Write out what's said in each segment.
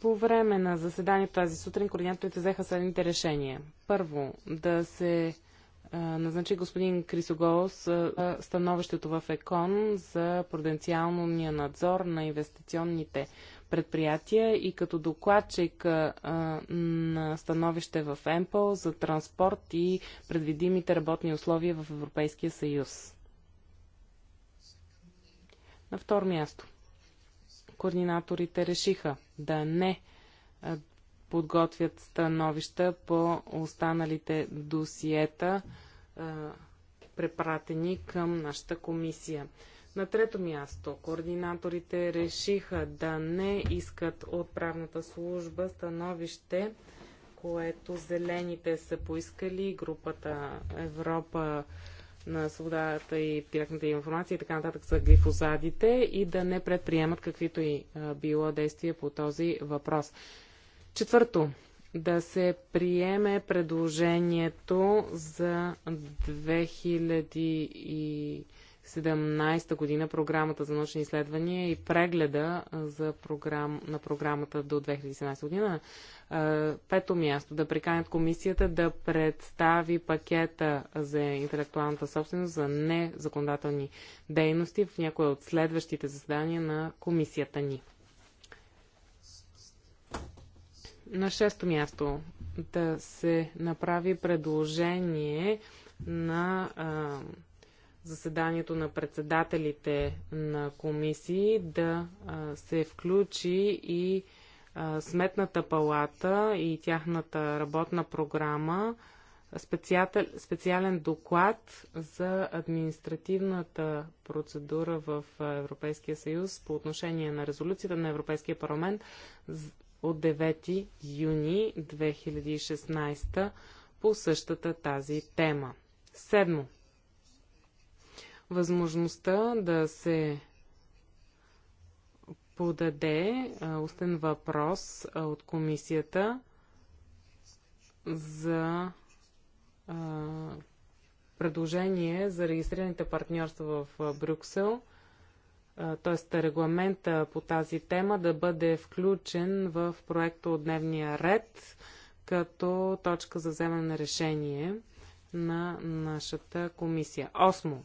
По време на заседанието тази сутрин координаторите взеха следните решения. Първо, да се а, назначи господин Крисоголос становището в ЕКОН за пруденциалния надзор на инвестиционните предприятия и като докладчик а, на становище в ЕМПО за транспорт и предвидимите работни условия в Европейския съюз. На второ място – координаторите решиха да не подготвят становища по останалите досиета, препратени към нашата комисия. На трето място, координаторите решиха да не искат от правната служба становище, което зелените са поискали, групата Европа на свободата и директната информация и така нататък са глифосадите и да не предприемат каквито и било действия по този въпрос. Четвърто, да се приеме предложението за 2000 и 2017 година програмата за научни изследвания и прегледа за програм, на програмата до 2017 година. Пето място да приканят комисията да представи пакета за интелектуалната собственост за незаконодателни дейности в някои от следващите заседания на комисията ни. На шесто място да се направи предложение на а, заседанието на председателите на комисии да се включи и Сметната палата и тяхната работна програма специален доклад за административната процедура в Европейския съюз по отношение на резолюцията на Европейския парламент от 9 юни 2016 по същата тази тема. Седмо възможността да се подаде устен въпрос от комисията за предложение за регистрираните партньорства в Брюксел, т.е. регламента по тази тема да бъде включен в проекта от дневния ред като точка за вземане на решение на нашата комисия. Осмо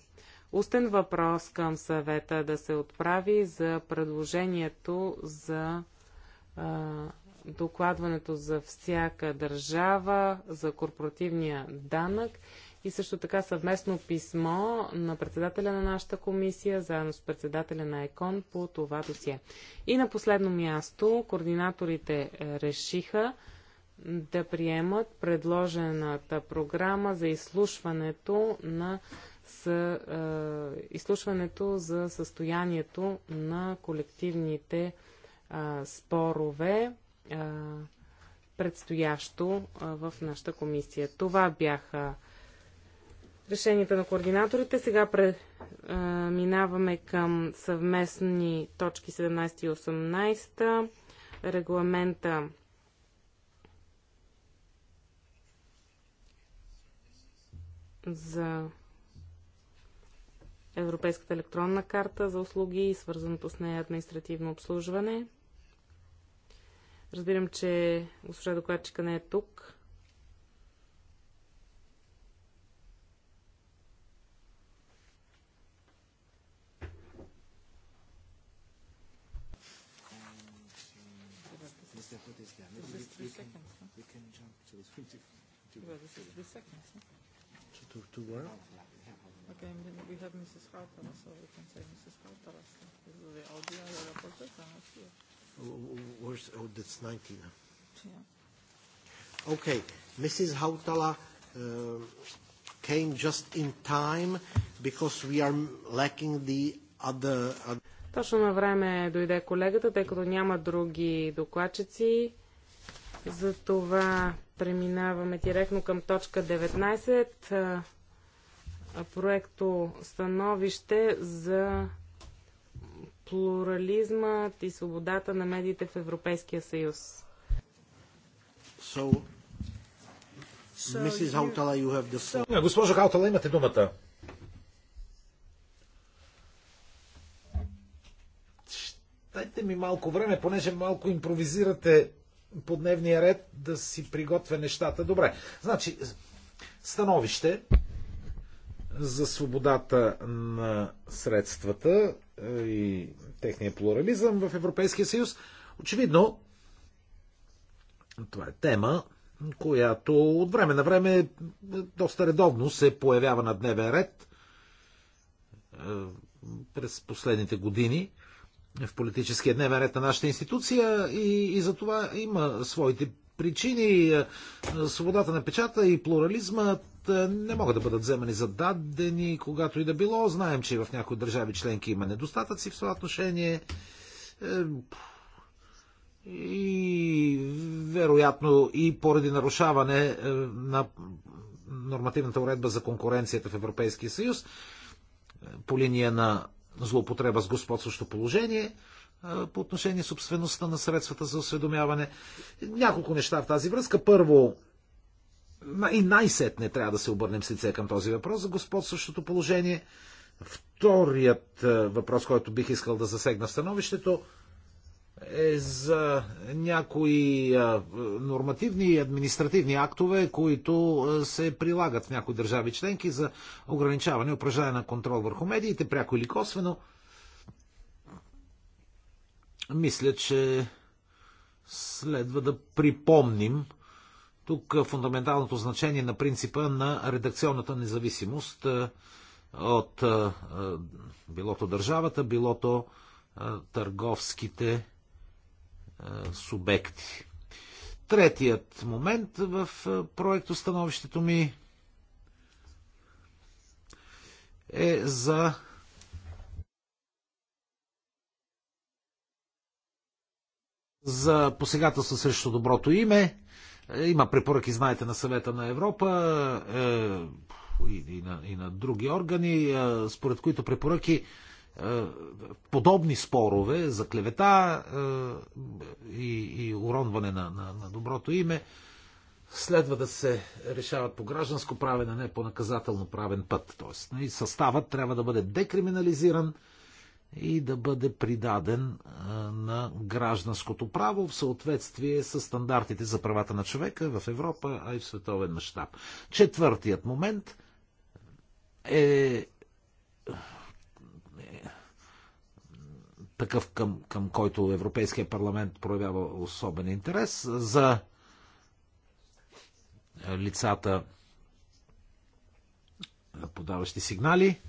устен въпрос към съвета да се отправи за предложението за докладването за всяка държава, за корпоративния данък и също така съвместно писмо на председателя на нашата комисия, заедно с председателя на ЕКОН по това досие. И на последно място, координаторите е, решиха да приемат предложената програма за изслушването на са е, изслушването за състоянието на колективните е, спорове, е, предстоящо е, в нашата комисия. Това бяха решенията на координаторите. Сега преминаваме е, към съвместни точки 17 и 18. Регламента за Европейската електронна карта за услуги и свързаното с нея административно обслужване. Разбирам, че госпожа докладчика не е тук. To, to Mrs. Hautalas, or we can say Mrs. Hautalas. This is the audio and the reporter are not here. Where's, oh, that's 19. Yeah. Okay, Mrs. Hautala uh, came just in time because we are lacking the other... other точно на време дойде колегата, тъй като няма други докладчици. Затова преминаваме директно към точка 19 проекто становище за плурализмът и свободата на медиите в Европейския съюз. So, Mrs. Hautala, you have the floor. Госпожо Хаутала, имате думата. Дайте ми малко време, понеже малко импровизирате по дневния ред да си приготвя нещата. Добре. Значи, становище за свободата на средствата е, и техния плурализъм в Европейския съюз. Очевидно, това е тема, която от време на време е, доста редовно се появява на дневен ред е, през последните години в политическия дневен ред на нашата институция и, и за това има своите причини е, свободата на печата и плурализмът е, не могат да бъдат вземани за дадени, когато и да било. Знаем, че и в някои държави членки има недостатъци в това отношение. Е, и вероятно и поради нарушаване на нормативната уредба за конкуренцията в Европейския съюз по линия на злоупотреба с господстващо положение – по отношение собствеността на средствата за осведомяване. Няколко неща в тази връзка. Първо, и най-сетне трябва да се обърнем с лице към този въпрос за господ същото положение. Вторият въпрос, който бих искал да засегна становището, е за някои нормативни и административни актове, които се прилагат в някои държави членки за ограничаване и упражняване на контрол върху медиите, пряко или косвено – мисля, че следва да припомним тук фундаменталното значение на принципа на редакционната независимост е, от е, е, билото държавата, билото търговските субекти. Третият момент в проекто становището ми е за за посегателство срещу доброто име. Е, има препоръки, знаете, на съвета на Европа е, и, на, и на други органи, е, според които препоръки е, подобни спорове за клевета е, и, и уронване на, на, на доброто име следва да се решават по гражданско правен, а не по наказателно правен път. Тоест, нали, съставът трябва да бъде декриминализиран, и да бъде придаден на гражданското право в съответствие с стандартите за правата на човека в Европа, а и в световен мащаб. Четвъртият момент е, е такъв към, към който Европейския парламент проявява особен интерес за лицата подаващи сигнали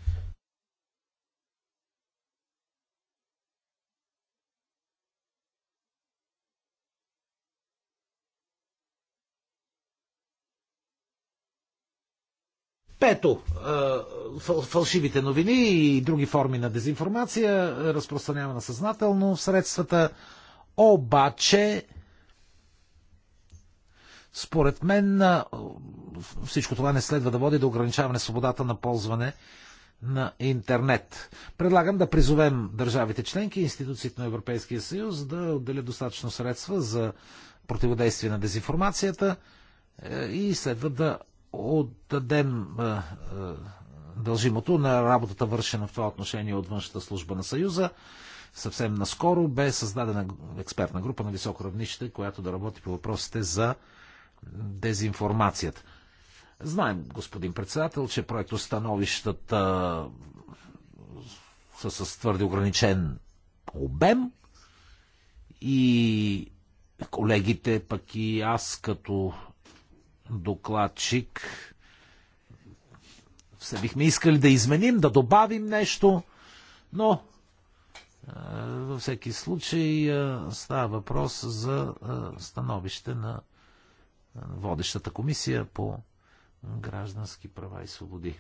Пето, фалшивите новини и други форми на дезинформация, разпространявана съзнателно в средствата, обаче според мен всичко това не следва да води до ограничаване свободата на ползване на интернет. Предлагам да призовем държавите членки и институциите на Европейския съюз да отделят достатъчно средства за противодействие на дезинформацията е, и следва да отдадем дължимото на работата вършена в това отношение от външната служба на Съюза. Съвсем наскоро бе създадена експертна група на високо равнище, която да работи по въпросите за дезинформацията. Знаем, господин председател, че проектостановищата са с твърде ограничен обем и колегите, пък и аз като докладчик. Все бихме искали да изменим, да добавим нещо, но във всеки случай става въпрос за становище на водещата комисия по граждански права и свободи.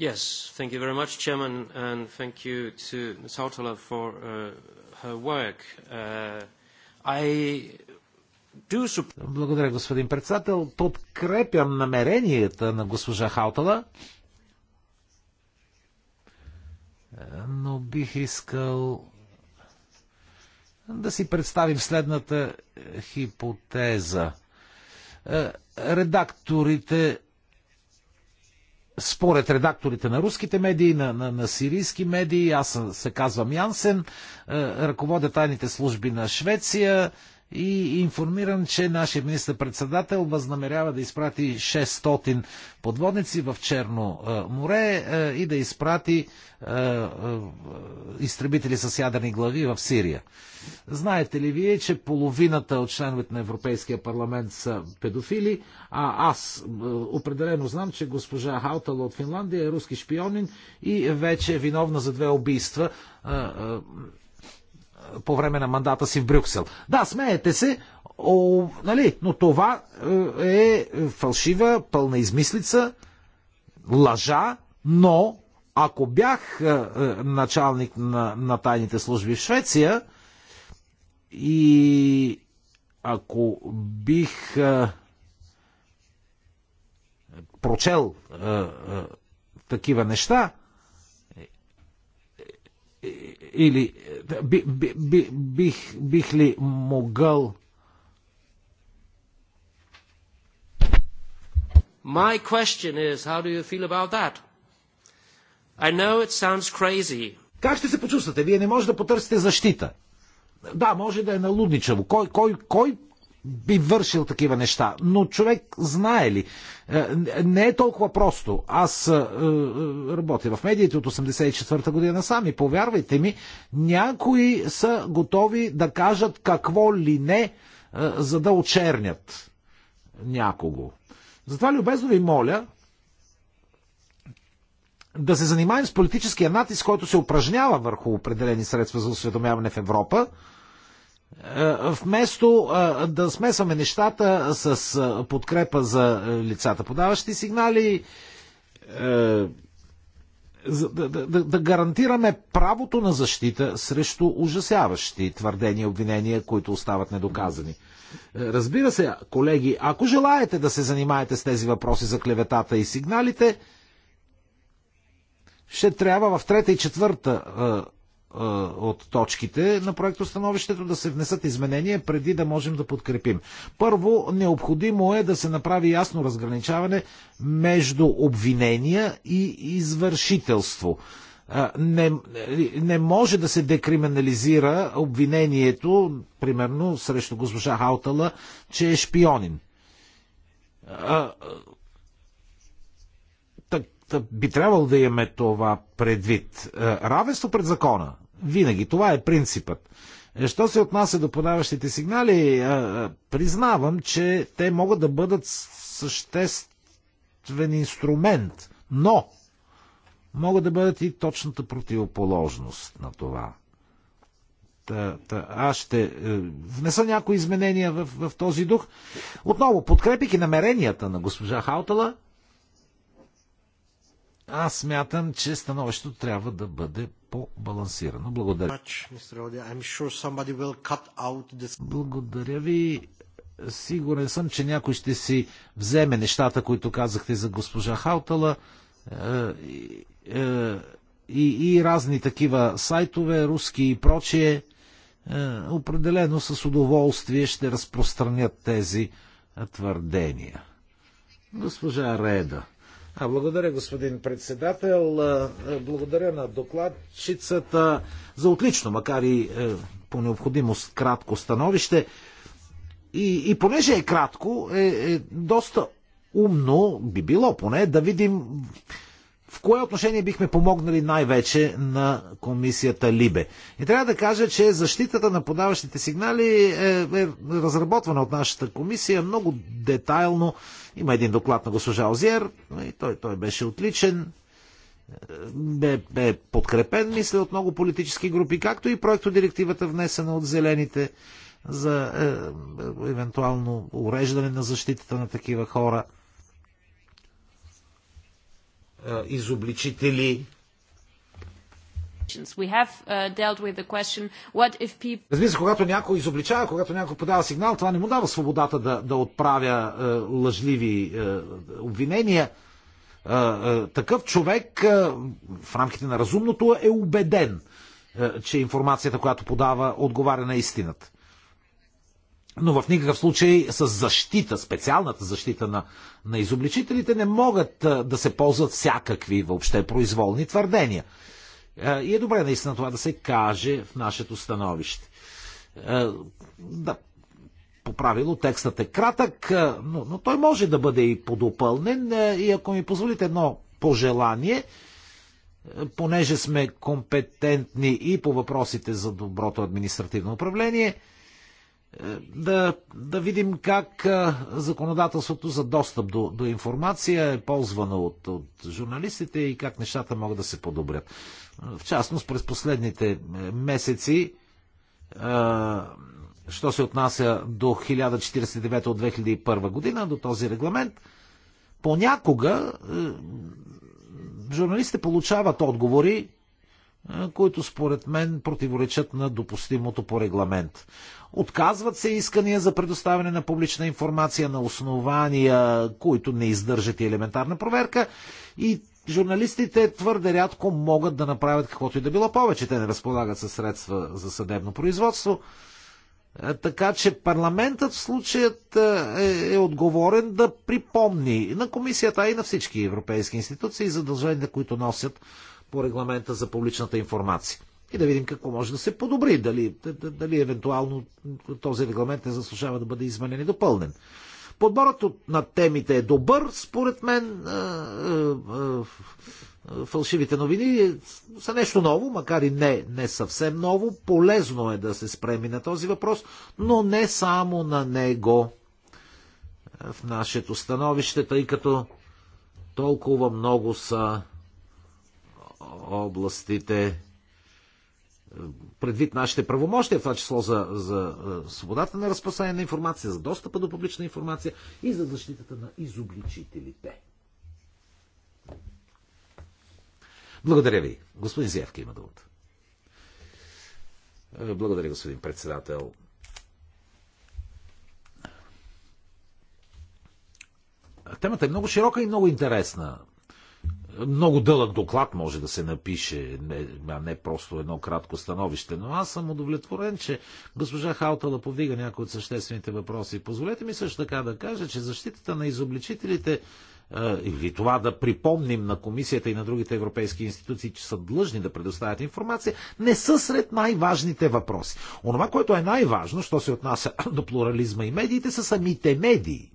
Yes, thank you very much, Chairman, and thank you to Ms. Hautala for uh, her work. Uh, I благодаря, господин председател. Подкрепям намеренията на госпожа Хаутала, но бих искал да си представим следната хипотеза. Е, редакторите, според редакторите на руските медии, на, на, на сирийски медии, аз се казвам Янсен, е, ръководя тайните служби на Швеция, и информиран, че нашия министр-председател възнамерява да изпрати 600 подводници в Черно е, море е, и да изпрати е, изтребители с ядрени глави в Сирия. Знаете ли вие, че половината от членовете на Европейския парламент са педофили, а аз определено знам, че госпожа Хаутала от Финландия е руски шпионин и вече е виновна за две убийства по време на мандата си в Брюксел. Да, смеете се, о, нали, но това е, е фалшива, пълна измислица, лъжа, но ако бях е, е, началник на, на тайните служби в Швеция и ако бих прочел такива неща, или е, би, би, би, бих, бих ли могъл My question is, how do you feel about that? I know it sounds crazy. Как ще се почувствате? Вие не може да потърсите защита. Да, може да е налудничаво. Кой, кой, кой би вършил такива неща. Но човек знае ли? Е, не е толкова просто. Аз е, е, работя в медиите от 84-та година сами, повярвайте ми, някои са готови да кажат какво ли не, за да очернят някого. Затова любезно ви моля да се занимаем с политическия натиск, който се упражнява върху определени средства за осведомяване в Европа – е, вместо е, да смесваме нещата с е, подкрепа за лицата, подаващи сигнали, да, гарантираме правото на защита срещу ужасяващи твърдения и обвинения, които остават недоказани. Разбира се, колеги, ако желаете да се занимаете с тези въпроси за клеветата и сигналите, ще трябва в трета и четвърта от точките на проектостановището да се внесат изменения преди да можем да подкрепим. Първо, необходимо е да се направи ясно разграничаване между обвинения и извършителство. Не, не може да се декриминализира обвинението, примерно срещу госпожа Хаутала, че е шпионин би трябвало да имаме това предвид. Равенство пред закона винаги. Това е принципът. Е, що се отнася до подаващите сигнали, е, е, признавам, че те могат да бъдат съществен инструмент, но могат да бъдат и точната противоположност на това. Та, та, аз ще внеса някои изменения в, в този дух. Отново, подкрепики намеренията на госпожа Хаутала, аз смятам, че становището трябва да бъде по-балансирано. Благодаря. Благодаря ви. Сигурен съм, че някой ще си вземе нещата, които казахте за госпожа Хаутала и, е, е, и, и разни такива сайтове, руски и прочие. Е, определено с удоволствие ще разпространят тези твърдения. Госпожа Реда благодаря, господин председател. Благодаря на докладчицата за отлично, макар и е, по необходимост кратко становище. И, и понеже е кратко, е, е доста умно, би било поне, да видим кое отношение бихме помогнали най-вече на комисията Либе? И трябва да кажа, че защитата на подаващите сигнали е, е разработвана от нашата комисия много детайлно. Има един доклад на госпожа Озиер, и той, той беше отличен бе, бе подкрепен, мисля, от много политически групи, както и проектодирективата внесена от зелените за е, е, евентуално уреждане на защитата на такива хора изобличители. Uh, Разбира се, когато някой изобличава, когато някой подава сигнал, това не му дава свободата да, да отправя е, лъжливи е, обвинения. Е, е, такъв човек е, в рамките на разумното е убеден, е, че информацията, която подава, отговаря на истината но в никакъв случай с защита, специалната защита на, на изобличителите не могат да се ползват всякакви въобще произволни твърдения. И е добре наистина това да се каже в нашето становище. Да, по правило текстът е кратък, но, но той може да бъде и подопълнен. И ако ми позволите едно пожелание, понеже сме компетентни и по въпросите за доброто административно управление – да, да видим как законодателството за достъп до, до информация е ползвано от, от журналистите и как нещата могат да се подобрят. В частност, през последните е, месеци, е, що се отнася до 1049 от 2001 година, до този регламент, понякога е, журналистите получават отговори, които според мен противоречат на допустимото по регламент. Отказват се искания за предоставяне на публична информация на основания, които не издържат и елементарна проверка и журналистите твърде рядко могат да направят каквото и да било повече. Те не разполагат със средства за съдебно производство. Така че парламентът в случаят е, е отговорен да припомни на комисията и на всички европейски институции задължения, които носят по регламента за публичната информация. И да видим какво може да се подобри, дали, дали евентуално този регламент не заслужава да бъде изменен и допълнен. Подборът на темите е добър, според мен. Фалшивите новини са нещо ново, макар и не, не съвсем ново. Полезно е да се спреми на този въпрос, но не само на него в нашето становище, тъй като толкова много са областите е, предвид нашите правомощия, в това число за, за е, свободата на разпространение на информация, за достъпа до публична информация и за защитата на изобличителите. Благодаря ви. Господин Зявки има думата. Е, благодаря, господин председател. Темата е много широка и много интересна много дълъг доклад може да се напише, а не просто едно кратко становище. Но аз съм удовлетворен, че госпожа Хаутала повдига някои от съществените въпроси. Позволете ми също така да кажа, че защитата на изобличителите или това да припомним на комисията и на другите европейски институции, че са длъжни да предоставят информация, не са сред най-важните въпроси. Онова, което е най-важно, що се отнася до плурализма и медиите, са самите медии.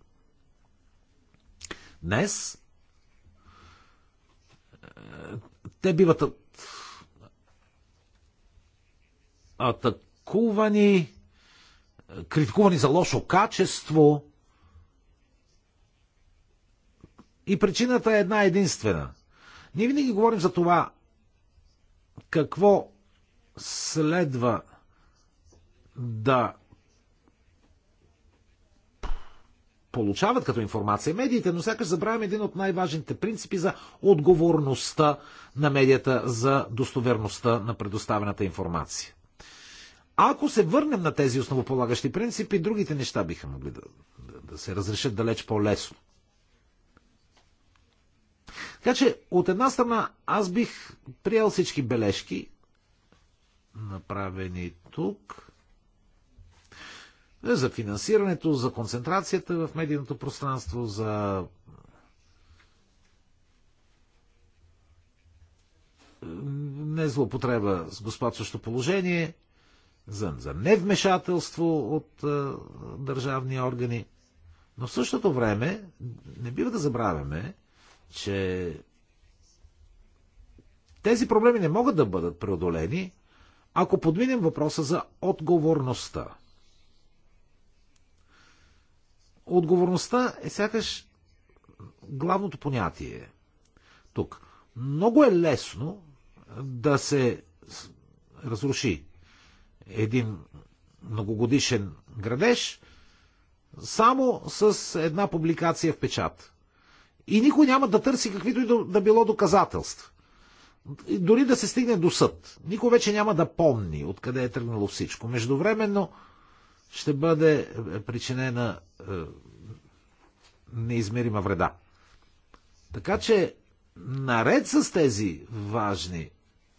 Днес те биват атакувани, критикувани за лошо качество. И причината е една единствена. Ние винаги говорим за това какво следва да получават като информация медиите, но сякаш забравяме един от най-важните принципи за отговорността на медията за достоверността на предоставената информация. А ако се върнем на тези основополагащи принципи, другите неща биха могли да, да, да се разрешат далеч по-лесно. Така че, от една страна, аз бих приел всички бележки, направени тук. Е, за финансирането, за концентрацията в медийното пространство, за не злоупотреба с господстващо положение, за, за невмешателство от а, е, държавни органи. Но в същото време не бива да забравяме, че тези проблеми не могат да бъдат преодолени, ако подминем въпроса за отговорността отговорността е сякаш главното понятие тук. Много е лесно да се разруши един многогодишен градеж само с една публикация в печат. И никой няма да търси каквито и да, да било доказателства. Дори да се стигне до съд. Никой вече няма да помни откъде е тръгнало всичко. Междувременно ще бъде причинена е, неизмерима вреда. Така че, наред с тези важни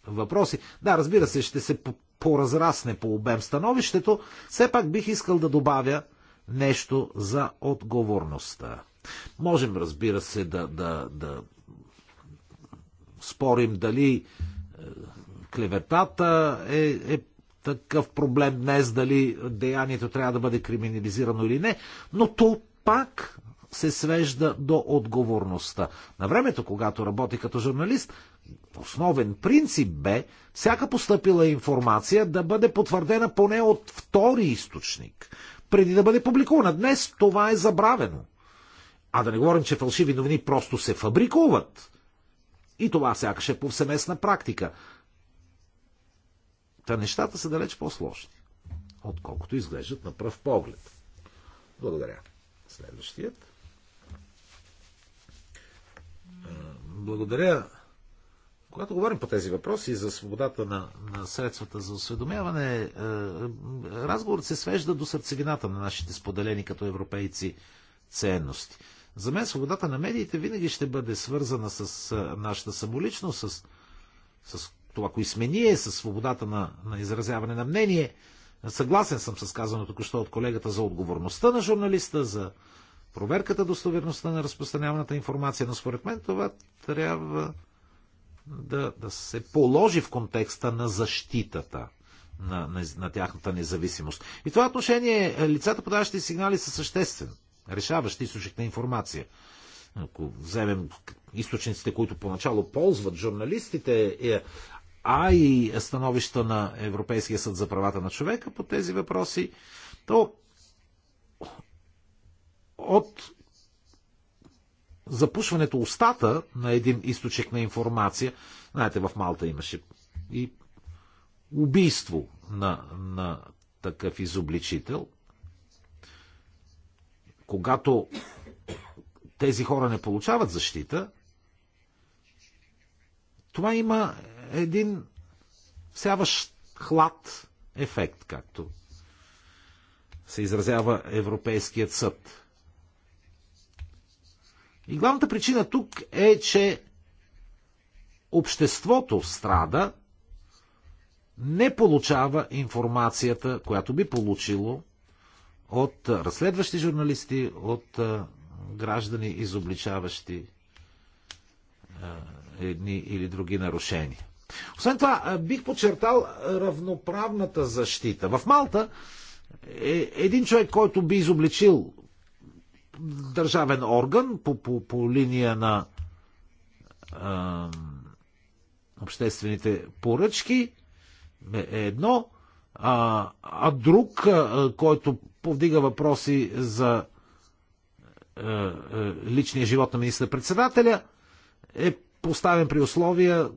въпроси, да, разбира се, ще се поразрасне по обем становището, все пак бих искал да добавя нещо за отговорността. Можем, разбира се, да, да, да спорим дали е, клеветата е, е такъв проблем днес, дали деянието трябва да бъде криминализирано или не, но то пак се свежда до отговорността. На времето, когато работи като журналист, основен принцип бе всяка постъпила информация да бъде потвърдена поне от втори източник, преди да бъде публикувана. Днес това е забравено. А да не говорим, че фалшиви новини просто се фабрикуват. И това сякаш е повсеместна практика. Та нещата са далеч по-сложни, отколкото изглеждат на пръв поглед. Благодаря. Следващият. Благодаря. Когато говорим по тези въпроси за свободата на, на средствата за осведомяване, е, разговорът се свежда до сърцевината на нашите споделени като европейци ценности. За мен свободата на медиите винаги ще бъде свързана с е, нашата самоличност, с, с това, кои сме ние, с свободата на, на изразяване на мнение. Съгласен съм с казаното току-що от колегата за отговорността на журналиста, за проверката достоверността на разпространяваната информация, но според мен това трябва да, да се положи в контекста на защитата на, на, на тяхната независимост. И това отношение лицата, подаващи сигнали, са съществен, решаващи източник на информация. Ако вземем източниците, които поначало ползват журналистите, е, а и становища на Европейския съд за правата на човека по тези въпроси, то от запушването устата на един източник на информация, знаете, в Малта имаше и убийство на, на такъв изобличител, когато тези хора не получават защита, това има един всяващ хлад ефект, както се изразява Европейският съд. И главната причина тук е, че обществото страда, не получава информацията, която би получило от разследващи журналисти, от граждани, изобличаващи едни или други нарушения. Освен това, бих подчертал равноправната защита. В Малта е един човек, който би изобличил държавен орган по, по, по линия на а, обществените поръчки е, е едно, а, а друг, а, който повдига въпроси за а, личния живот на министър-председателя, е поставен при условия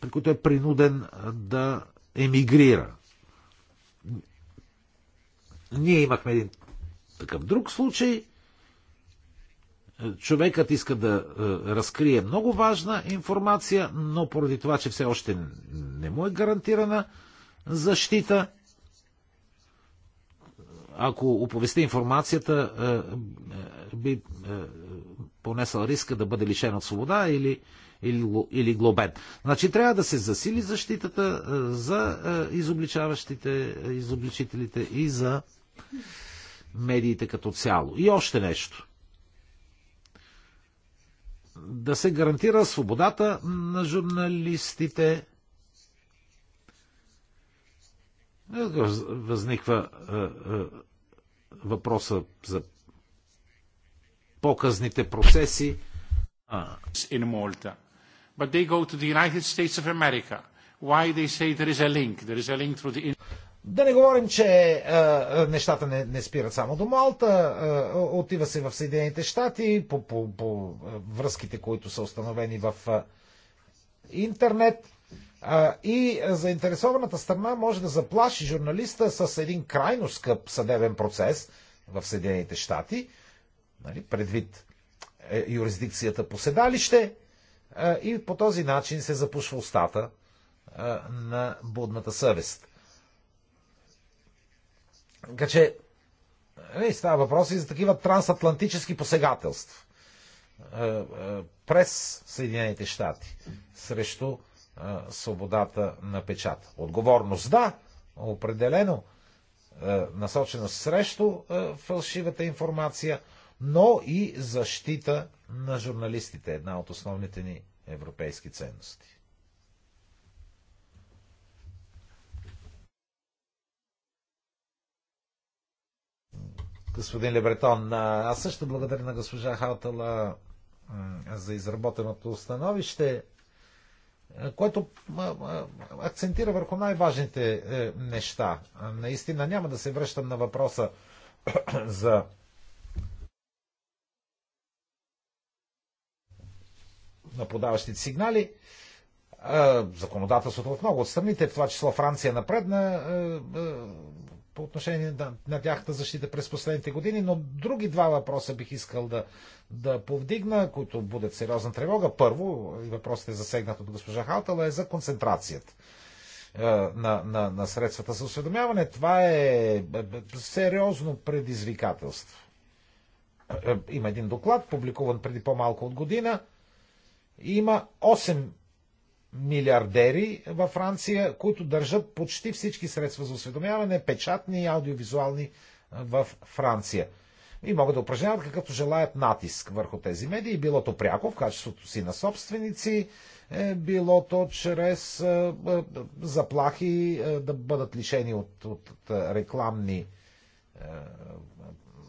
при които е принуден да емигрира. Ние имахме един такъв друг случай. Човекът иска да е, разкрие много важна информация, но поради това, че все още не му е гарантирана защита, ако оповести информацията, е, е, би понесъл риска да бъде лишен от свобода или, или, или глобен. Значи трябва да се засили защитата е, за е, изобличаващите, е, изобличителите и за медиите като цяло. И още нещо. Да се гарантира свободата на журналистите. Възниква въпроса за показните процеси. Да не говорим, че а, е, е, нещата не, не спират само до Малта. А, е, отива се в Съединените щати по, по, по връзките, които са установени в а, интернет. А, и заинтересованата страна може да заплаши журналиста с един крайно скъп съдебен процес в Съединените щати, нали, предвид е, юрисдикцията по седалище е, и по този начин се запушва устата е, на будната съвест. Така че е, става въпрос и за такива трансатлантически посегателства е, е, през Съединените щати срещу е, свободата на печата. Отговорност да, определено е, насоченост срещу е, фалшивата информация – но и защита на журналистите, една от основните ни европейски ценности. господин Лебретон. Аз също благодаря на госпожа Хаутала за изработеното становище, което акцентира върху най-важните е, неща. Наистина няма да се връщам на въпроса за на подаващите сигнали. Законодателството в много от страните, в това число Франция напредна по отношение на, на тяхната защита през последните години, но други два въпроса бих искал да, да повдигна, които будят сериозна тревога. Първо, и въпросът е засегнат от госпожа Халтала, е за концентрацията на, на, на средствата за осведомяване. Това е сериозно предизвикателство. Има един доклад, публикуван преди по-малко от година, има 8 милиардери във Франция, които държат почти всички средства за осведомяване, печатни и аудиовизуални в Франция. И могат да упражняват какъвто желаят натиск върху тези медии, било то пряко в качеството си на собственици, е, било то чрез заплахи да бъдат лишени от, от, рекламни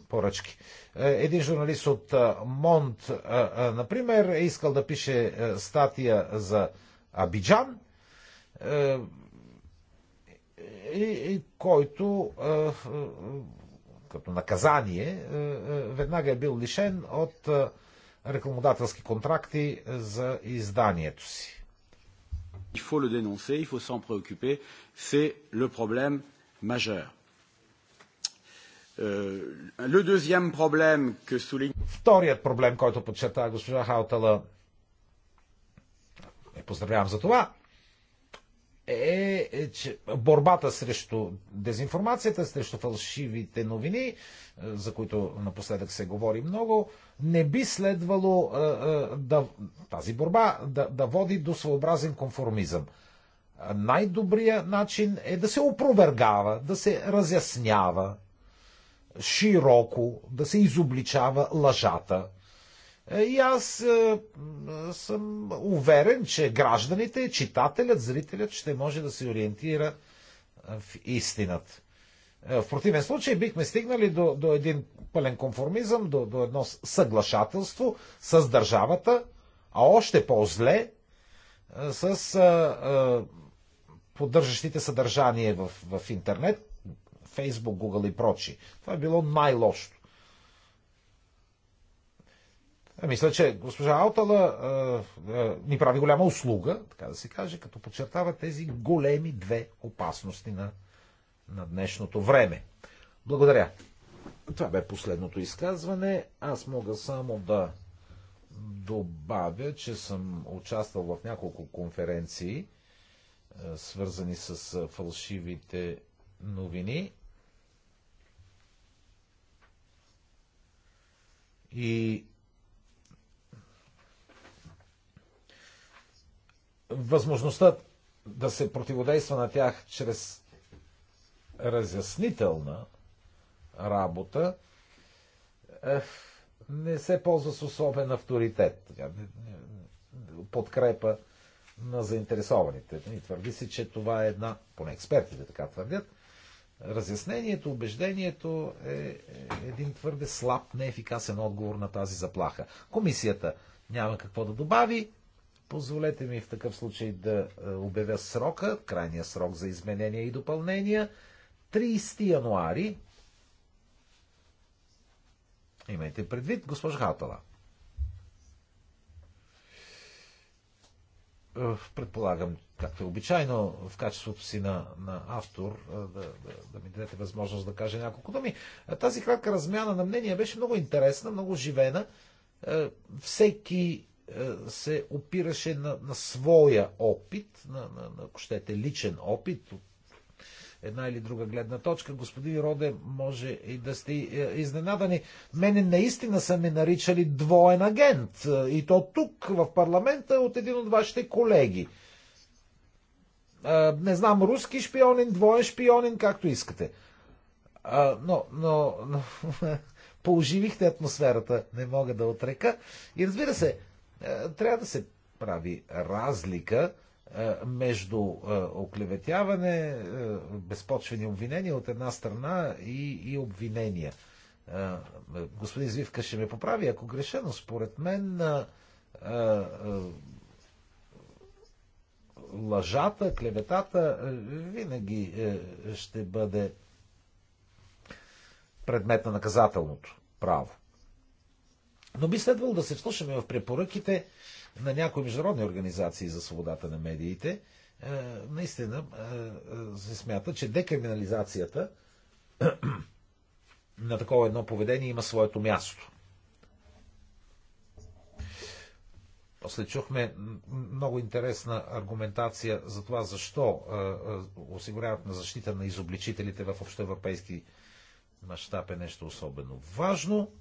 поръчки. Е, един журналист от Монт, например, е искал да пише е, статия за Абиджан, е, и, който като наказание веднага е бил лишен от рекламодателски контракти за изданието си. Il faut le dénoncer, il faut s'en préoccuper, c'est le problème majeur. Е, Вторият проблем, който подчерта госпожа Хаутала, е поздравявам за това, е, е, че борбата срещу дезинформацията, срещу фалшивите новини, е, за които напоследък се говори много, не би следвало е, е, да, тази борба да, да води до своеобразен конформизъм. Най-добрият начин е да се опровергава, да се разяснява, широко, да се изобличава лъжата. Е, и аз е, съм уверен, че гражданите, читателят, зрителят ще може да се ориентира е, в истината. В противен случай бихме стигнали до, до един пълен конформизъм, до, до едно съглашателство с държавата, а още по-зле с а, а, поддържащите съдържание в, в интернет Facebook, Google и прочи. Това е било най-лошото. Е, мисля, че госпожа Аутала е, е, ни прави голяма услуга, така да се каже, като подчертава тези големи две опасности на, на днешното време. Благодаря. Това бе последното изказване. Аз мога само да добавя, че съм участвал в няколко конференции, свързани с фалшивите новини. И възможността да се противодейства на тях чрез разяснителна работа не се ползва с особен авторитет. Подкрепа на заинтересованите. И твърди се, че това е една, поне експертите така твърдят, разяснението, убеждението е, е един твърде слаб, неефикасен отговор на тази заплаха. Комисията няма какво да добави. Позволете ми в такъв случай да е, обявя срока, крайния срок за изменения и допълнения. 30 януари. Имайте предвид, госпожа Хатала. Е, предполагам, както е обичайно, в качеството си на, на автор, да, да, да ми дадете възможност да кажа няколко думи. Тази кратка размяна на мнения беше много интересна, много живена. Всеки се опираше на, на своя опит, на, на, на, ако щете, личен опит от една или друга гледна точка. Господин Роде, може и да сте изненадани. Мене наистина са ме наричали двоен агент. И то тук, в парламента, от един от вашите колеги не знам, руски шпионин, двоен шпионин, както искате. но, но, но пооживихте атмосферата, не мога да отрека. И разбира се, трябва да се прави разлика между оклеветяване, безпочвени обвинения от една страна и, и обвинения. Господин Звивка ще ме поправи, ако греша, но според мен лъжата, клеветата е, винаги е, ще бъде предмет на наказателното право. Но би следвало да се вслушаме в препоръките на някои международни организации за свободата на медиите. Е, наистина се смята, че декриминализацията на такова едно поведение има своето място. После чухме много интересна аргументация за това, защо осигуряват на защита на изобличителите в общоевропейски мащаб е нещо особено важно.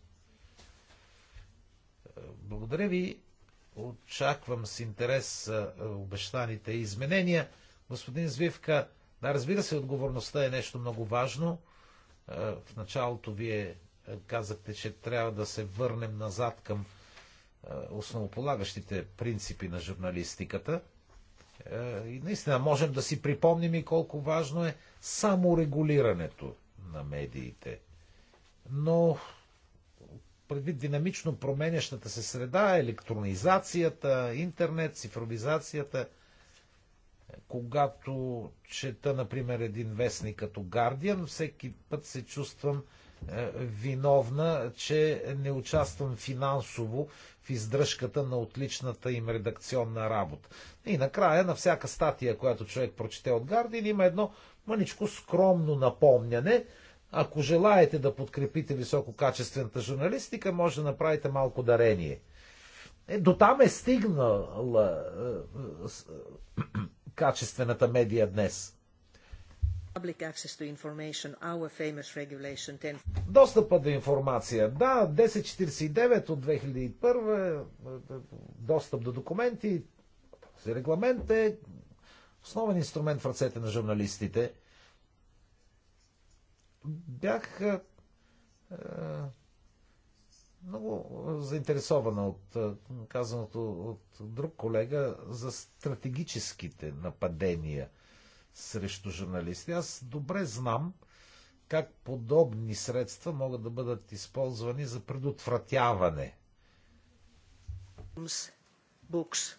Е, благодаря ви. Очаквам с интерес обещаните изменения. Господин Звивка, да, разбира се, отговорността е нещо много важно. Е, в началото вие казахте, че трябва да се върнем назад към е, основополагащите принципи на журналистиката. Е, и наистина можем да си припомним и колко важно е само регулирането на медиите. Но предвид динамично променящата се среда, електронизацията, интернет, цифровизацията, е, когато чета, например, един вестник като Guardian, всеки път се чувствам е, виновна, че не участвам финансово в издръжката на отличната им редакционна работа. И накрая, на всяка статия, която човек прочете от Гардин, има едно мъничко скромно напомняне. Ако желаете да подкрепите висококачествената журналистика, може да направите малко дарение. Е, до там е стигнала е, е, е, качествената медия днес. Достъпа до информация. Да, 1049 от 2001, е, е, достъп до документи, регламент е основен инструмент в ръцете на журналистите. Бях е, е много заинтересована от казаното от друг колега за стратегическите нападения – срещу журналисти. Аз добре знам как подобни средства могат да бъдат използвани за предотвратяване. Books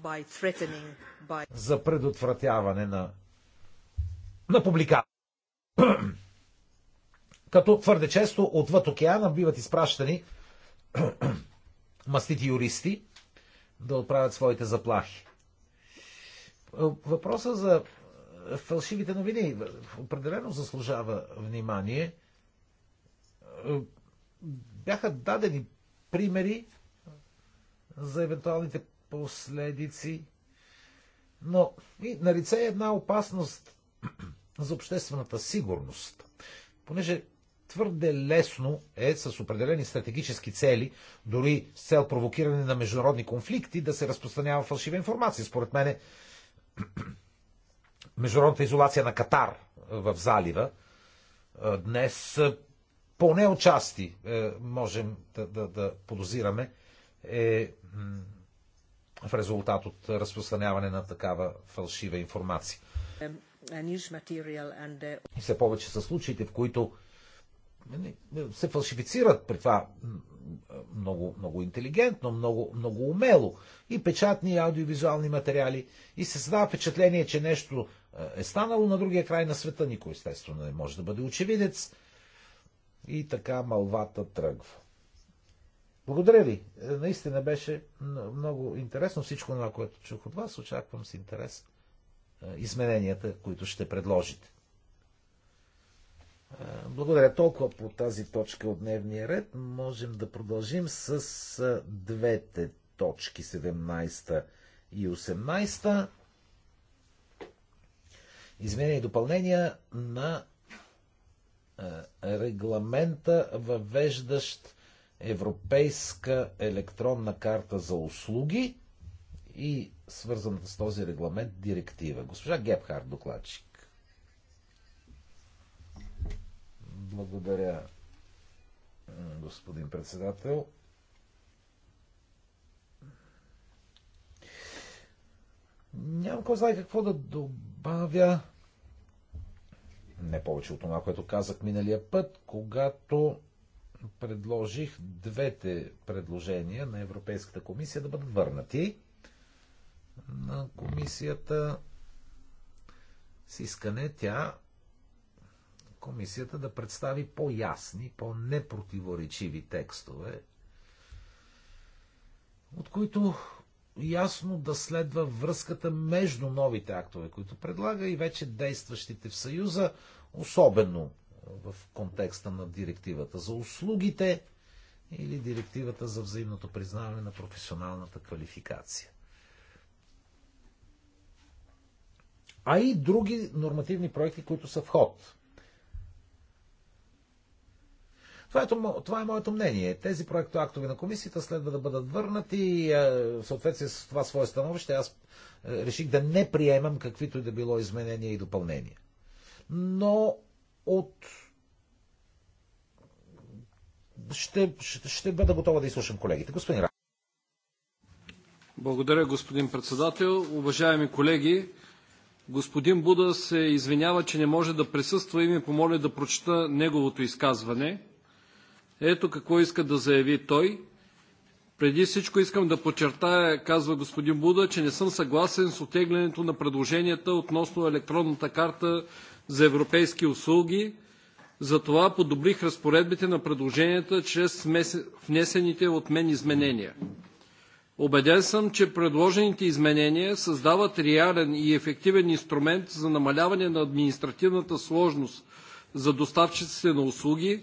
by threatening by... За предотвратяване на, на публикация. Като твърде често отвъд океана биват изпращани мастити юристи да отправят своите заплахи. Въпроса за фалшивите новини. Определено заслужава внимание. Е, бяха дадени примери за евентуалните последици, но и на лице е една опасност за обществената сигурност, понеже твърде лесно е с определени стратегически цели, дори с цел провокиране на международни конфликти, да се разпространява фалшива информация. Според мен, международната изолация на Катар е, в залива, е, днес е, поне отчасти можем да, да, да подозираме е в резултат от разпространяване на такава фалшива информация. И все повече са случаите, в които Нали, се фалшифицират при това много, много интелигентно, много, много умело. И печатни, и аудиовизуални материали. И се създава впечатление, че нещо е, е станало на другия край на света. Никой, естествено, не може да бъде очевидец. И така малвата тръгва. Благодаря ви. Е, наистина беше много интересно всичко това, което чух от вас. Очаквам с интерес е, измененията, които ще предложите. Е, благодаря толкова по тази точка от дневния ред. Можем да продължим с е, двете точки 17 и 18. Изменение и допълнение на е, регламента, въвеждащ Европейска електронна карта за услуги и свързаната с този регламент директива. Госпожа Гебхард докладчик. Благодаря, господин председател. Нямам кой знае какво да добавя. Не повече от това, което казах миналия път, когато предложих двете предложения на Европейската комисия да бъдат върнати на комисията с искане тя комисията да представи по-ясни, по-непротиворечиви текстове, от които ясно да следва връзката между новите актове, които предлага и вече действащите в Съюза, особено в контекста на директивата за услугите или директивата за взаимното признаване на професионалната квалификация. А и други нормативни проекти, които са в ход. Това е, това е моето мнение. Тези актове на комисията следва да бъдат върнати и в съответствие с това свое становище аз реших да не приемам каквито и да било изменения и допълнения. Но от ще, ще, ще бъда готова да изслушам колегите. Господин Рак. Благодаря, господин председател. Уважаеми колеги, господин Буда се извинява, че не може да присъства и ми помоля да прочета неговото изказване. Ето какво иска да заяви той. Преди всичко искам да подчертая, казва господин Буда, че не съм съгласен с отеглянето на предложенията относно електронната карта за европейски услуги. Затова подобрих разпоредбите на предложенията чрез внесените от мен изменения. Обеден съм, че предложените изменения създават реален и ефективен инструмент за намаляване на административната сложност за доставчиците на услуги,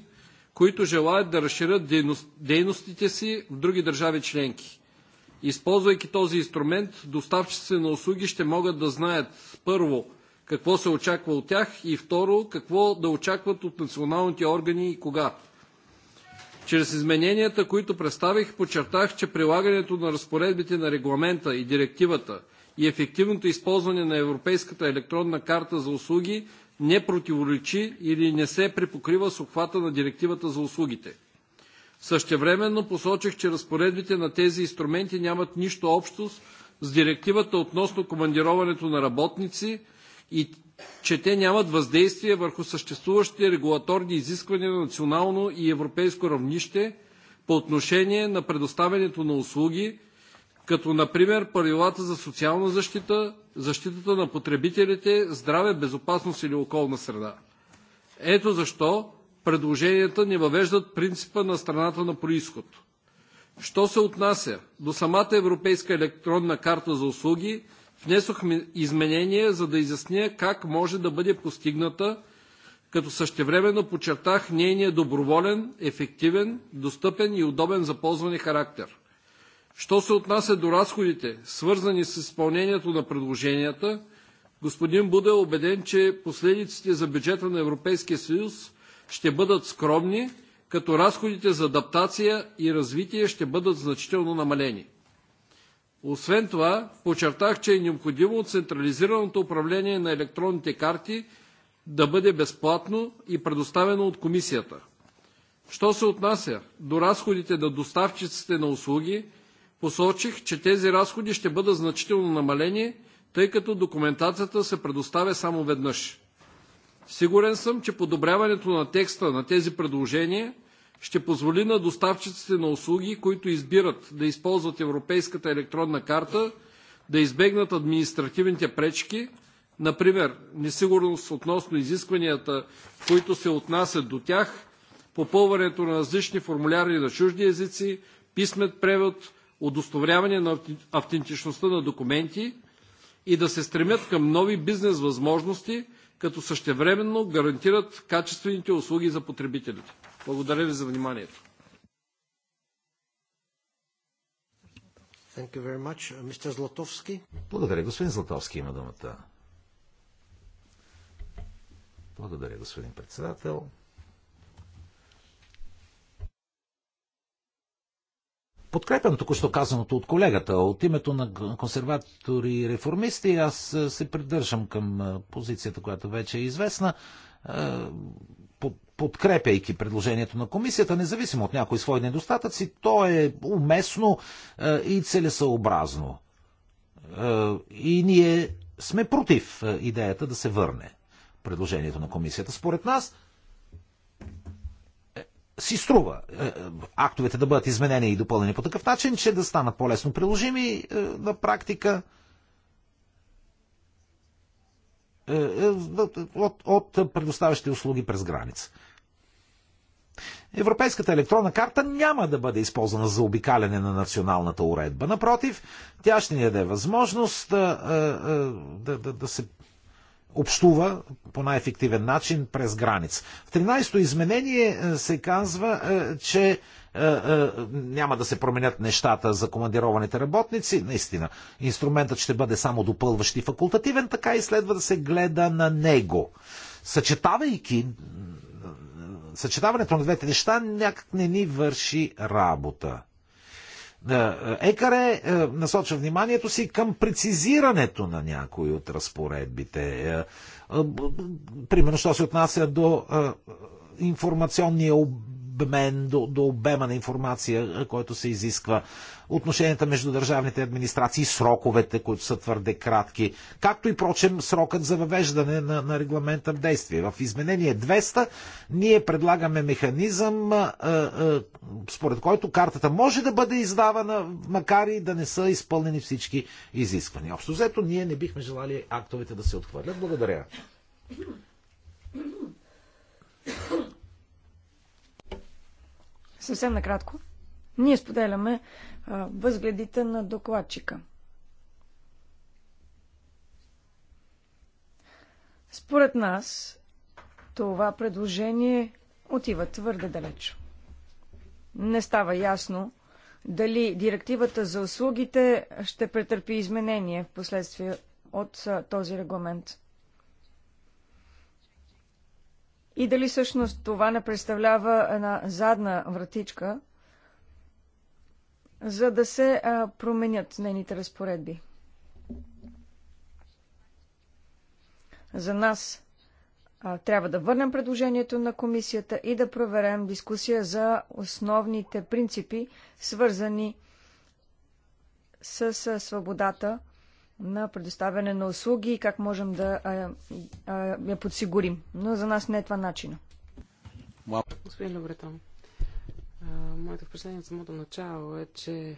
които желаят да разширят дейностите си в други държави членки. Използвайки този инструмент, доставчиците на услуги ще могат да знаят първо какво се очаква от тях и второ какво да очакват от националните органи и кога. Чрез измененията, които представих, подчертах, че прилагането на разпоредбите на регламента и директивата и ефективното използване на Европейската електронна карта за услуги – не противоречи или не се препокрива с обхвата на директивата за услугите. Същевременно посочих, че разпоредбите на тези инструменти нямат нищо общо с директивата относно командироването на работници и че те нямат въздействие върху съществуващите регулаторни изисквания на национално и европейско равнище по отношение на предоставянето на услуги, като например правилата за социална защита, защитата на потребителите, здраве, безопасност или околна среда. Ето защо предложенията не въвеждат принципа на страната на происход. Що се отнася до самата Европейска електронна карта за услуги, внесохме изменения, за да изясня как може да бъде постигната, като същевременно подчертах нейния доброволен, ефективен, достъпен и удобен за ползване характер. Що се отнася до разходите, свързани с изпълнението на предложенията, господин Буда е убеден, че последиците за бюджета на Европейския съюз ще бъдат скромни, като разходите за адаптация и развитие ще бъдат значително намалени. Освен това, подчертах, че е необходимо централизираното управление на електронните карти да бъде безплатно и предоставено от комисията. Що се отнася до разходите на доставчиците на услуги, Посочих, че тези разходи ще бъдат значително намалени, тъй като документацията се предоставя само веднъж. Сигурен съм, че подобряването на текста на тези предложения ще позволи на доставчиците на услуги, които избират да използват Европейската електронна карта, да избегнат административните пречки, например несигурност относно изискванията, които се отнасят до тях, попълването на различни формуляри на чужди езици, писмен превод, удостоверяване на автентичността на документи и да се стремят към нови бизнес възможности, като същевременно гарантират качествените услуги за потребителите. Благодаря ви за вниманието. Thank you very much. Mr. Zlatowski. Благодаря. Господин Златовски има думата. Благодаря, господин председател. Подкрепям току-що казаното от колегата. От името на консерватори и реформисти аз е, се придържам към е, позицията, която вече е известна, е, подкрепяйки предложението на комисията, независимо от някои свои недостатъци, то е уместно и целесъобразно. И ние сме против идеята да се върне предложението на комисията. Според нас, си струва е, е, актовете да бъдат изменени и допълнени по такъв начин, че да станат по-лесно приложими е, на практика от, от предоставящите услуги през граница. Европейската електронна карта няма да бъде използвана за обикаляне на националната уредба. Напротив, тя ще ни даде възможност да, да, да, да се общува по най-ефективен начин през граница. В 13-то изменение е, се казва, е, че е, няма да се променят нещата за командированите работници. Наистина, инструментът ще бъде само допълващ и факултативен, така и следва да се гледа на него. Съчетавайки съчетаването на двете неща някак не ни върши работа. Е, Екаре е, насочва вниманието си към прецизирането на някои от разпоредбите. Е, примерно, що се отнася до информационния обмен, до, до обема на информация, който се изисква, отношенията между държавните администрации, сроковете, които са твърде кратки, както и прочем срокът за въвеждане на, на регламента в действие. В изменение 200 ние предлагаме механизъм, а, а, според който картата може да бъде издавана, макар и да не са изпълнени всички изисквания. Общо взето, ние не бихме желали актовете да се отхвърлят. Благодаря. Съвсем накратко. Ние споделяме а, възгледите на докладчика. Според нас, това предложение отива твърде далеч. Не става ясно дали директивата за услугите ще претърпи изменения в последствие от а, този регламент. и дали всъщност това не представлява една задна вратичка, за да се а, променят нейните разпоредби. За нас а, трябва да върнем предложението на комисията и да проверем дискусия за основните принципи, свързани с а, свободата на предоставяне на услуги и как можем да а, а, я подсигурим. Но за нас не е това начина. Господин Добретон, моето впечатление от самото начало е, че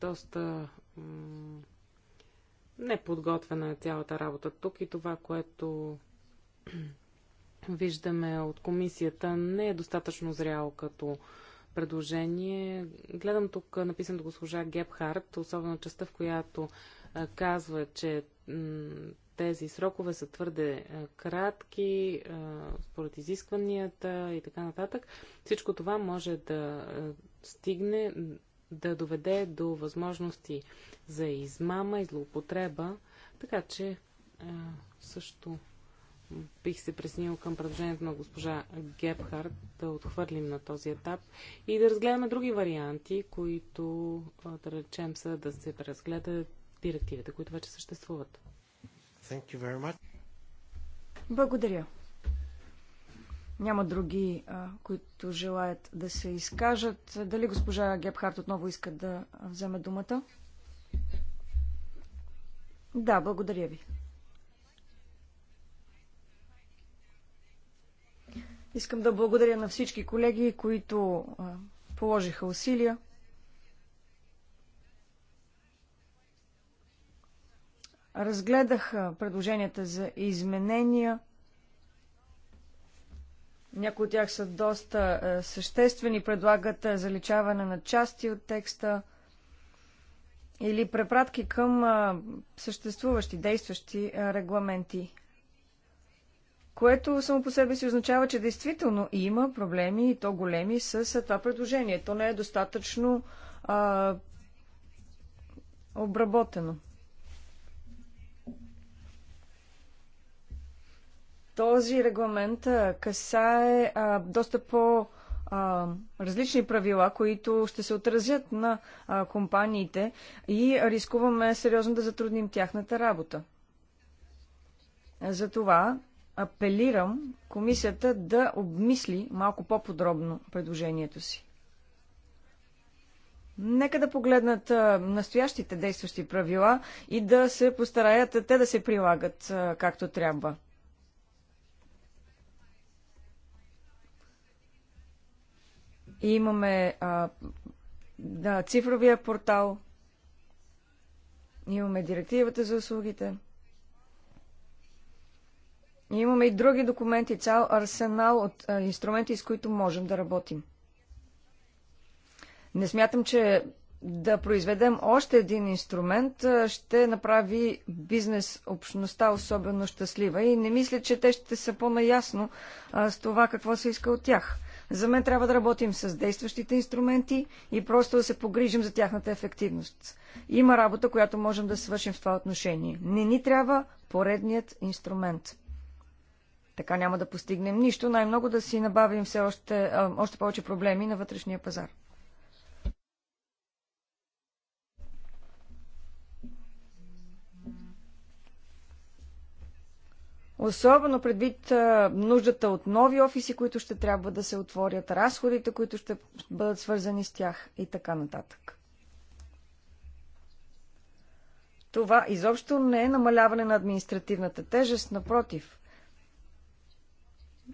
доста неподготвена е цялата работа тук и това, което виждаме от комисията, не е достатъчно зряло като предложение. Гледам тук до госпожа Гебхарт, особено частта, в която казва, че тези срокове са твърде е, кратки, е, според изискванията и така нататък. Всичко това може да е, стигне, да доведе до възможности за измама и злоупотреба, така че също бих се преснил към предложението на госпожа Гепхард да отхвърлим на този етап и да разгледаме други варианти, които, да речем, са да се преразгледат директивите, които вече съществуват. Thank you very much. Благодаря. Няма други, а, които желаят да се изкажат. Дали госпожа Гебхарт отново иска да вземе думата? Да, благодаря ви. Искам да благодаря на всички колеги, които а, положиха усилия. разгледаха предложенията за изменения. Някои от тях са доста е, съществени, предлагат е, заличаване на части от текста или препратки към е, съществуващи, действащи регламенти. Което само по себе си означава, че действително има проблеми и то големи с това предложение. То не е достатъчно обработено. Този регламент касае а, доста по- а, различни правила, които ще се отразят на а, компаниите и рискуваме сериозно да затрудним тяхната работа. Затова апелирам комисията да обмисли малко по-подробно предложението си. Нека да погледнат а, настоящите действащи правила и да се постараят те да се прилагат а, както трябва. И имаме а, да, цифровия портал, имаме директивата за услугите. И имаме и други документи, цял арсенал от а, инструменти, с които можем да работим. Не смятам, че да произведем още един инструмент ще направи бизнес общността особено щастлива и не мисля, че те ще са по-наясно с това какво се иска от тях. За мен трябва да работим с действащите инструменти и просто да се погрижим за тяхната ефективност. Има работа, която можем да свършим в това отношение. Не ни трябва поредният инструмент. Така няма да постигнем нищо, най-много да си набавим все още, още повече проблеми на вътрешния пазар. Особено предвид нуждата от нови офиси, които ще трябва да се отворят, разходите, които ще бъдат свързани с тях и така нататък. Това изобщо не е намаляване на административната тежест, напротив.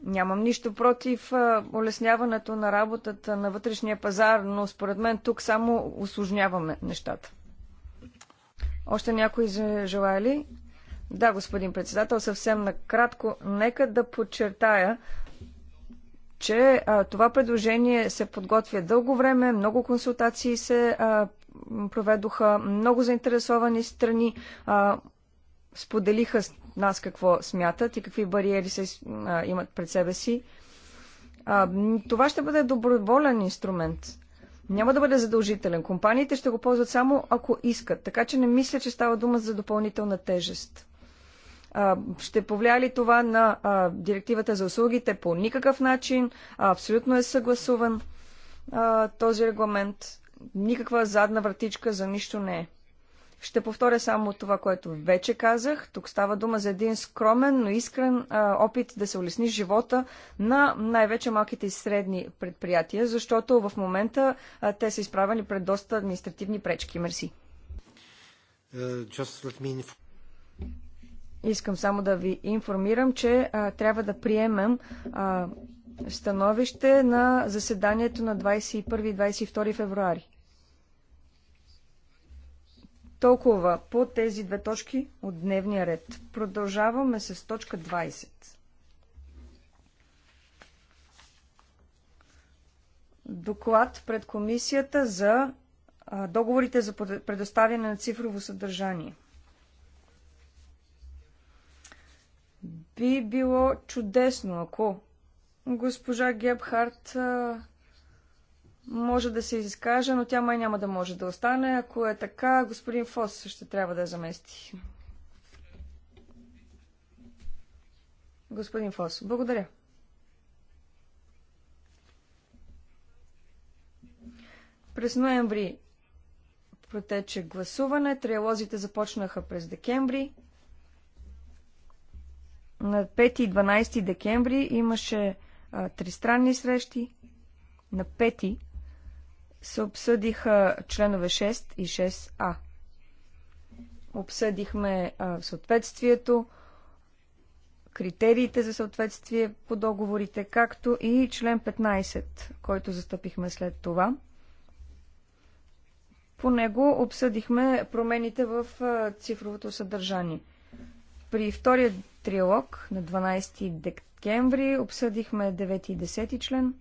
Нямам нищо против улесняването на работата на вътрешния пазар, но според мен тук само осложняваме нещата. Още някой желая ли? Да, господин председател, съвсем накратко, нека да подчертая, че а, това предложение се подготвя дълго време, много консултации се а, проведоха, много заинтересовани страни а, споделиха с нас какво смятат и какви бариери се, а, имат пред себе си. А, това ще бъде доброволен инструмент. Няма да бъде задължителен. Компаниите ще го ползват само ако искат. Така че не мисля, че става дума за допълнителна тежест. Ще повлия ли това на директивата за услугите? По никакъв начин. Абсолютно е съгласуван този регламент. Никаква задна вратичка за нищо не е. Ще повторя само това, което вече казах. Тук става дума за един скромен, но искрен а, опит да се улесни живота на най-вече малките и средни предприятия, защото в момента а, те са изправени пред доста административни пречки. Мерси. Uh, me... Искам само да ви информирам, че а, трябва да приемем а, становище на заседанието на 21 и 22 февруари. Толкова по тези две точки от дневния ред. Продължаваме с точка 20. Доклад пред комисията за договорите за предоставяне на цифрово съдържание. Би било чудесно, ако госпожа Гебхарт може да се изкаже, но тя май няма да може да остане. Ако е така, господин Фос ще трябва да я замести. Господин Фос, благодаря. През ноември протече гласуване, триалозите започнаха през декември. На 5 и 12 декември имаше а, тристранни срещи. На 5 се обсъдиха членове 6 и 6а. Обсъдихме а, съответствието, критериите за съответствие по договорите, както и член 15, който застъпихме след това. По него обсъдихме промените в цифровото съдържание. При втория трилог на 12 декември обсъдихме 9 и 10 член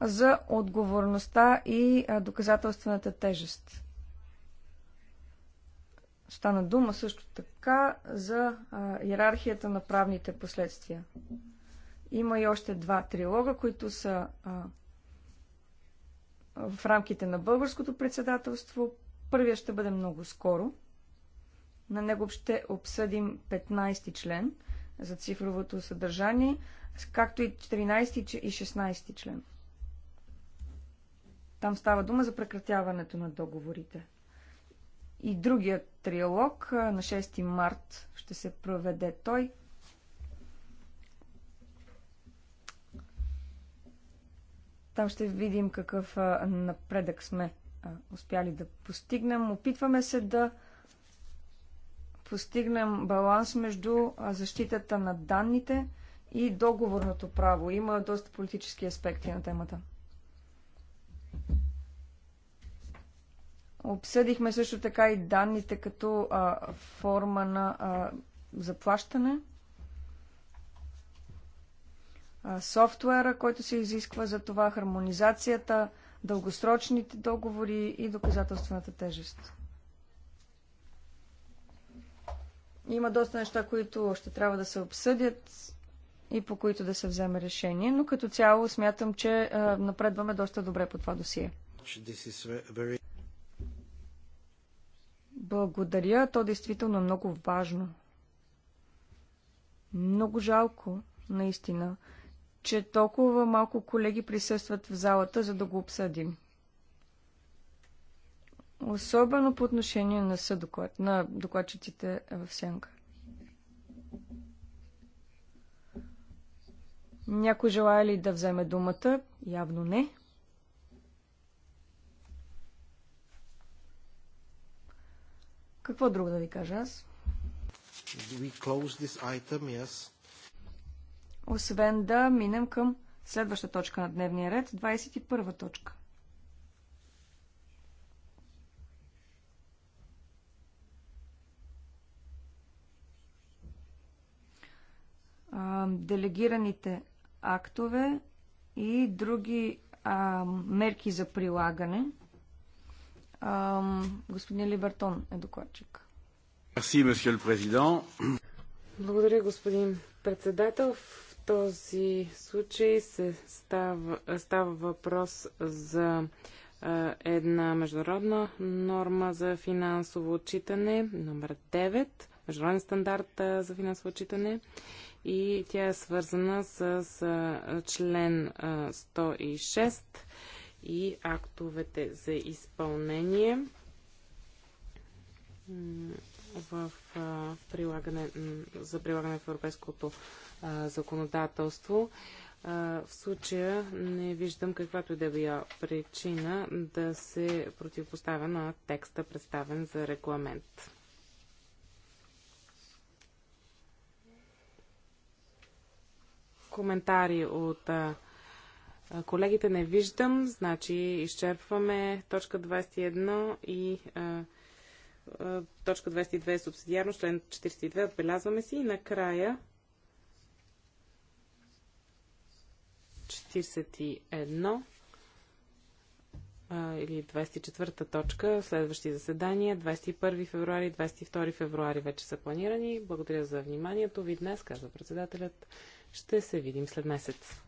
за отговорността и доказателствената тежест. Стана дума също така за иерархията на правните последствия. Има и още два трилога, които са в рамките на българското председателство Първия ще бъде много скоро. На него ще обсъдим 15 член за цифровото съдържание, както и 14 и 16 член. Там става дума за прекратяването на договорите. И другият триалог на 6 март ще се проведе той. Там ще видим какъв напредък сме успяли да постигнем. Опитваме се да постигнем баланс между защитата на данните и договорното право. Има доста политически аспекти на темата. Обсъдихме също така и данните като а, форма на а, заплащане. А, софтуера, който се изисква за това, хармонизацията, дългосрочните договори и доказателствената тежест. Има доста неща, които още трябва да се обсъдят и по които да се вземе решение, но като цяло смятам, че напредваме доста добре по това досие. Благодаря, то действително е много важно. Много жалко, наистина, че толкова малко колеги присъстват в залата, за да го обсъдим. Особено по отношение на съдоклад, на докладчиците в сянка. Някой желая ли да вземе думата? Явно не. Какво друго да ви кажа аз? We close this item, yes освен да минем към следваща точка на дневния ред, 21 точка. делегираните актове и други а, мерки за прилагане. А, господин Либертон е докладчик. Благодаря, господин председател този случай се става, става въпрос за една международна норма за финансово отчитане, номер 9, международен стандарт за финансово отчитане и тя е свързана с, член 106 и актовете за изпълнение в, а, прилагане, за прилагане в европейското а, законодателство. А, в случая не виждам каквато и да била причина да се противопоставя на текста, представен за регламент. Коментари от а, колегите не виждам, значи изчерпваме точка 21 и а, е, точка 22 е субсидиарно, член 42 отбелязваме си и накрая 41 или 24-та точка, следващи заседания, 21 февруари, 22 февруари вече са планирани. Благодаря за вниманието ви днес, казва председателят. Ще се видим след месец.